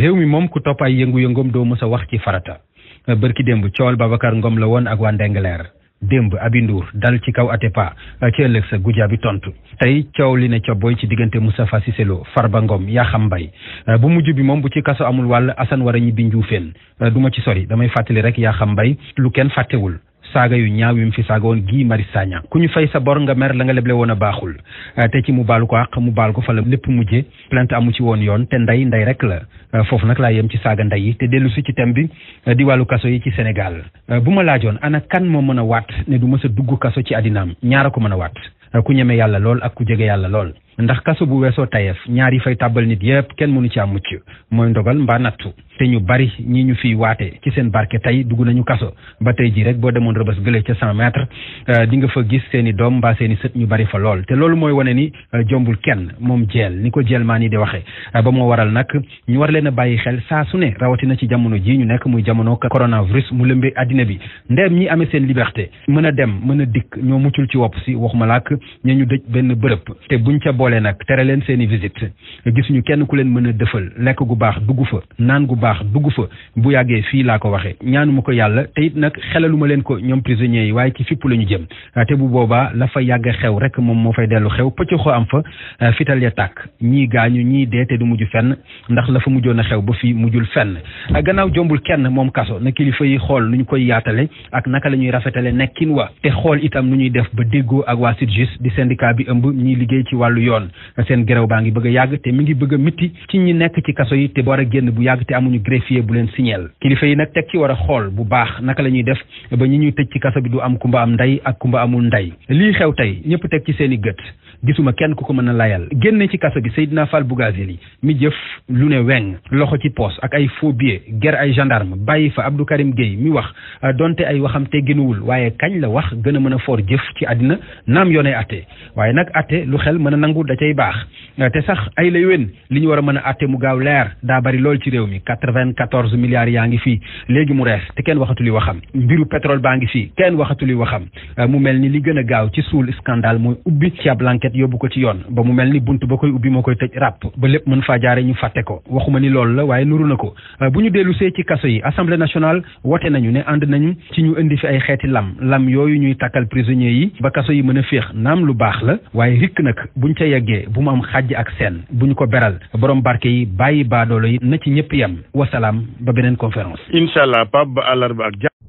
réew mi moom ku topp ay yëngu-yëngoom doo mës a wax ci farata bërki démb coowal Babacar ngoom la woon ak waa Ndengleer démb Abi dal ci kaw Atepa ci ëllëg sa gujaa bi tontu tey coow li ne cobboy ci diggante Moustapha far ba ngoom yaa xam mbay bu mujj bi moom bu ci kaso amul wàll Assane war a ñibbi Njuufeen du ma ci sori damay fàttali rek xam mbay lu kenn fàttewul saaga yu ñaaw yi mu fi saaga woon Guy Marius Sagna ku ñu fay sa bor nga mer la nga leble woon baaxul ah, te ci mu baalu ko àq mu baal ko fa la lépp mujje plainte amu ci woon yoon te ndey ndey rek la ah, foofu nag laa yem ci saaga ndey yi te dellu si ci thème bi ah, di wàllu kaso yi ci Sénégal bu ma laajoon ana kan moo mën a waat ne du mës dugg kaso ci àddinaam ñaara ko mën a waat ku ñeme yàlla lool ak ku jege yàlla lool ndax kaso bu weesoo tayef ñaar yi fay tàbbal nit yëpp kenn mënu ci am mucc mooy ndogal mbaa nattu te ñu bari ñi ñu fiy waate ci seen barke tey dugg nañu kaso ba tey jii rek boo demoon rëbës gële ca cent mètres euh, di fa gis seen i doom mbaa seen i sët ñu bari fa lool te loolu mooy wane ni euh, jombul kenn moom jeel ni ko jeel maa nii di waxee euh, ba moo waral nag ñu war leen a bàyyi xel saa su ne rawatina ci jamono ji ñu nekk muy jamono coronavirus mu lëmbe addina bi ndeem a a boole nag tere leen seen i visite gisuñu kenn ku leen mën a dëfal lekk gu baax dugg fa naan gu baax dugg fa bu yàggee fii laa ko waxee ñaanuma ko yàlla te it nag xelaluma leen ko ñoom prisonniers yi waaye ci fipp la jëm te bu boobaa la fa yàgg xew rek moom moo fay dellu xew pëccëxoo am fa fital ya tàkk ñii gaañu ñii dee te du mujj fenn ndax la fa mujjoon a xew ba fii mujjul fenn gannaaw jombul kenn moom kaso na kilifa yi xool nu ñu koy yaatale ak naka yoon seen géréw baa ngi bëgg a yàgg te mi ngi bëgg a mitti ci ñi nekk ci kaso yi te war a génn bu yàgg te amuñu greffier bu leen signeel kilifa yi nag teg ci war a xool bu baax naka la ñuy def ba ñi ñuy tëj ci kaso bi du am kumba am ndey ak kumba amul ndey lii xew tey ñëpp teg ci seen i gët gisuma kenn ku ko mën a layal génne ci kaso bi Seydina Fall Bougazelli mi jëf lu ne weng loxo ci poos ak ay faux billets ger ay gendarme bàyyi fa Abdou Karim Gueye mi wax donte ay waxam te gënuwul waaye kañ la wax gën a mën a foor jëf ci àddina naam yoonee atte googu da cay baax te sax ay lay wén li ñu war a mën a atte mu gaaw leer daa bari lool ci réew mi quatre yaa ngi fii léegi mu rees te kenn waxatu waxam mbiru pétrole baa ngi fii kenn waxatu waxam euh, mu mel ni li gën a gaaw ci suul scandale mooy ubbi ci ab enquête yóbbu ko ci yoon ba mu mel ni bunt ba koy ubbi moo koy tëj ràpp ba lépp mën faa jaare ñu fàtte ko waxuma ni loolu la waaye nuru na ko euh, bu ñu dellu see ci kaso yi assemblée nationale wote nañu ne ànd nañu ci ñu indi fi ay xeeti lam lam yooyu ñuy takkal prisonniers yi ba kaso yi mën a féex naam lu baax la waaye yeggee bu mu am xàjj ak seen bu ñu ko beral borom barke yi bàyyi baadoolo yi na ci ñëpp yem wasalaam ba beneen conférence incha allah ba àllarba ak